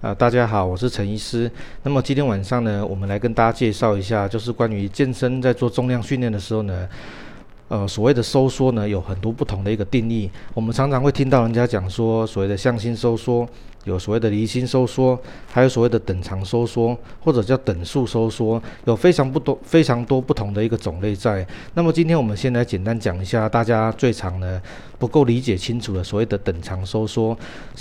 呃，大家好，我是陳醫師。那麼今天晚上呢，我們來跟大家介紹一下，就是關於健身在做重量訓練的時候呢，呃，所謂的收縮呢，有很多不同的一個定義。我們常常會聽到人家講說，所謂的向心收縮。有所謂的離心收縮，還有所謂的等長收縮，或者叫等速收縮，有非常不多、非常多不同的一個種類在。那麼今天我們先來簡單講一下，大家最常呢不夠理解清楚的所謂的等長收縮。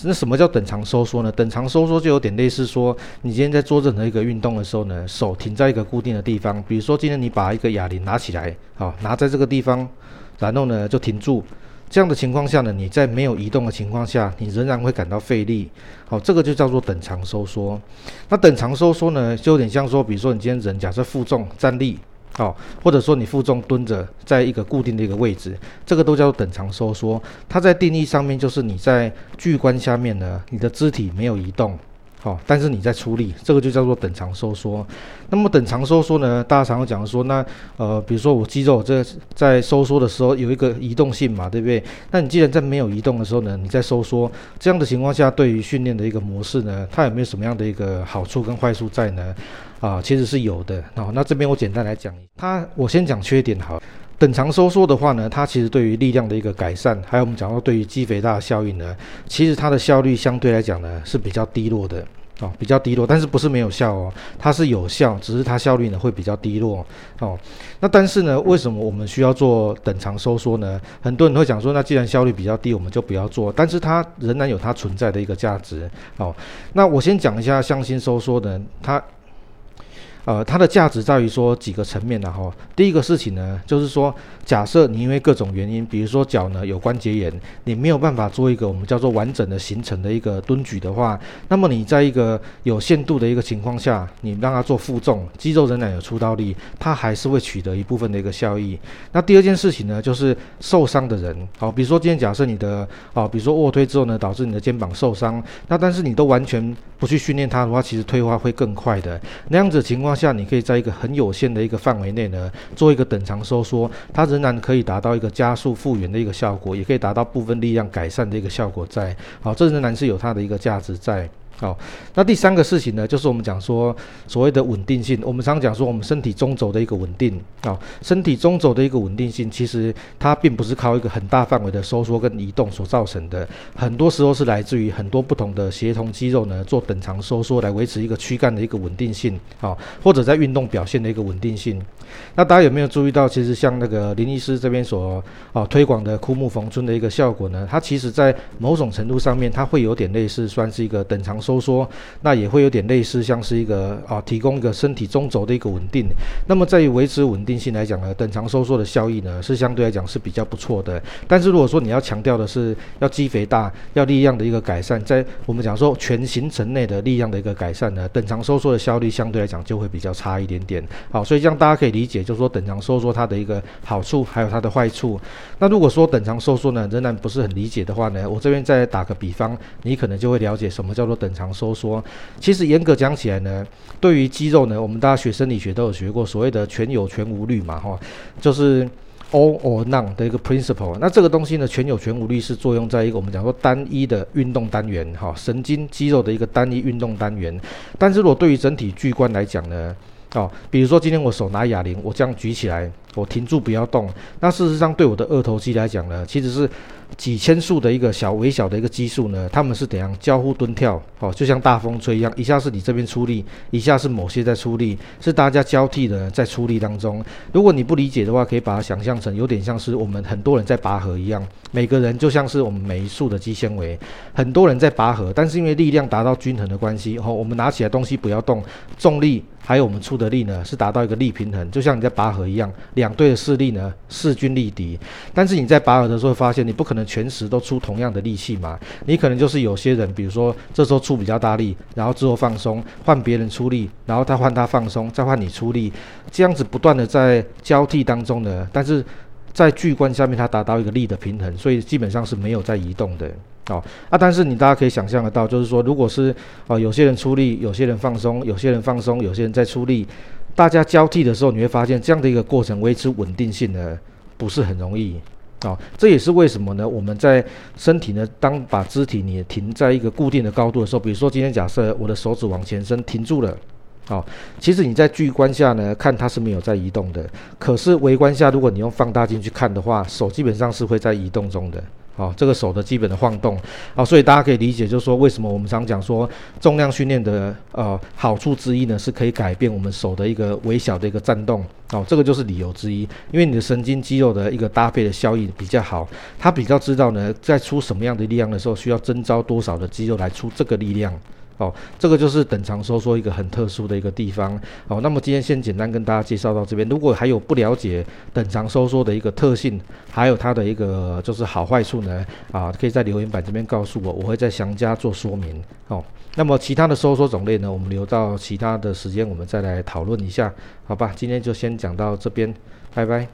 那什麼叫等長收縮呢？等長收縮就有點類似說，你今天在做任何一個運動的時候呢，手停在一個固定的地方，比如說今天你把一個啞鈴拿起來，好，拿在這個地方，然後呢就停住。這樣的情況下呢，你在沒有移動的情況下，你仍然會感到費力。好、哦，這個就叫做等長收縮。那等長收縮呢，就有點像說，比如說你今天人假設負重站立，好、哦，或者說你負重蹲着，在一個固定的一個位置，這個都叫做等長收縮。它在定義上面就是你在阻抗下面呢，你的肢體沒有移動。好，但是你在出力，這個就叫做等長收縮。那麼等長收縮呢，大家常常講說，那呃，比如說我肌肉這在，在收縮的時候有一個移動性嘛，對不對？那你既然在沒有移動的時候呢，你在收縮，這樣的情況下，對於訓練的一個模式呢，它有沒有什麼樣的一個好處跟壞處在呢？啊，呃，其實是有的。哦，那這邊我簡單來講，它我先講缺點好了。等長收縮的話呢，它其實對於力量的一個改善，還有我們講到對於肌肥大的效應呢，其實它的效率相對來講呢是比較低落的哦，比較低落。但是不是沒有效哦，它是有效，只是它效率呢會比較低落哦。那但是呢，為什麼我們需要做等長收縮呢？很多人會講說，那既然效率比較低，我們就不要做。但是它仍然有它存在的一個價值哦。那我先講一下向心收縮呢，它。呃，它的價值在於說幾個層面的、啊、哈。第一個事情呢，就是說，假設你因為各種原因，比如說腳呢有關節炎，你沒有辦法做一個我們叫做完整的行程的一個蹲舉的話，那麼你在一個有限度的一個情況下，你讓它做負重，肌肉仍然有出到力，它還是會取得一部分的一個效益。那第二件事情呢，就是受傷的人，好，比如說今天假設你的，哦，比如說臥推之後呢，導致你的肩膀受傷，那但是你都完全不去訓練它的話，其實退化會更快的。那樣子情況下你可以在一個很有限的一個範圍內呢，做一個等長收縮，它仍然可以達到一個加速復原的一個效果，也可以達到部分力量改善的一個效果在。好，這仍然是有它的一個價值在。好、哦，那第三個事情呢，就是我們講說所謂的穩定性。我們常常講說我們身體中軸的一個穩定，好、哦，身體中軸的一個穩定性，其實它並不是靠一個很大範圍的收縮跟移動所造成的，很多時候是來自於很多不同的協同肌肉呢，做等長收縮來維持一個軀幹的一個穩定性，好、哦，或者在運動表現的一個穩定性。那大家有沒有注意到，其實像那個林醫師這邊所、哦、推廣的枯木逢春的一個效果呢，它其實在某種程度上面，它會有點類似，算是一個等長。收縮，那也會有點類似，像是一個啊，提供一個身體中軸的一個穩定。那麼在於維持穩定性來講呢，等長收縮的效益呢，是相對來講是比較不錯的。但是如果說你要強調的是要肌肥大、要力量的一個改善，在我們講說全行程內的力量的一個改善呢，等長收縮的效率相對來講就會比較差一點點。好，所以這樣大家可以理解，就是說等長收縮它的一個好處，還有它的壞處。那如果說等長收縮呢，仍然不是很理解的話呢，我這邊再打個比方，你可能就會了解什麼叫做等。常收縮，其實嚴格講起來呢，對於肌肉呢，我們大家學生理學都有學過所謂的全有全無律嘛，哈，就是 all or none 的一個 principle。那這個東西呢，全有全無律是作用在一個我們講說單一的運動單元，哈，神經肌肉的一個單一運動單元。但是如果對於整體巨觀來講呢，哦，比如說今天我手拿啞鈴，我這樣舉起來。我、哦、停住，不要動。那事實上，對我的二頭肌來講呢，其實是幾千束的一個小微小的一個肌束呢，他們是怎樣交互蹲跳？哦，就像大風吹一樣，一下是你這邊出力，一下是某些在出力，是大家交替的在出力當中。如果你不理解的話，可以把它想象成有點像是我們很多人在拔河一樣，每個人就像是我們每一束的肌纖維，很多人在拔河，但是因為力量達到均衡的關係，哦，我們拿起來東西不要動，重力還有我們出的力呢，是達到一個力平衡，就像你在拔河一樣。兩隊的勢力呢，勢均力敵，但是你在拔河的時候發現，你不可能全時都出同樣的力氣嘛，你可能就是有些人，比如說這時候出比較大力，然後之後放鬆，換別人出力，然後他換他放鬆，再換你出力，這樣子不斷的在交替當中呢，但是在巨觀下面它達到一個力的平衡，所以基本上是沒有在移動的哦啊，但是你大家可以想象得到，就是說如果是哦有些人出力，有些人放鬆，有些人放鬆，有些人在出力。大家交替的時候，你會發現這樣的一個過程維持穩定性呢，不是很容易啊、哦。這也是為什麼呢？我們在身體呢，當把肢體你停在一個固定的高度的時候，比如說今天假設我的手指往前伸停住了，啊、哦，其實你在巨觀下呢看它是沒有在移動的，可是微觀下如果你用放大鏡去看的話，手基本上是會在移動中的。哦，這個手的基本的晃動，好、哦，所以大家可以理解，就是說為什麼我們常講說重量訓練的呃好處之一呢，是可以改變我們手的一個微小的一個顫動，哦，這個就是理由之一，因為你的神經肌肉的一個搭配的效益比較好，它比較知道呢，在出什麼樣的力量的時候，需要徵召多少的肌肉來出這個力量。哦，這個就是等長收縮一個很特殊的一個地方。哦，那麼今天先簡單跟大家介紹到這邊。如果還有不了解等長收縮的一個特性，還有它的一個就是好壞處呢，啊，可以在留言板這邊告訴我，我會再詳加做說明。哦，那麼其他的收縮種類呢，我們留到其他的時間我們再來討論一下，好吧？今天就先講到這邊，拜拜。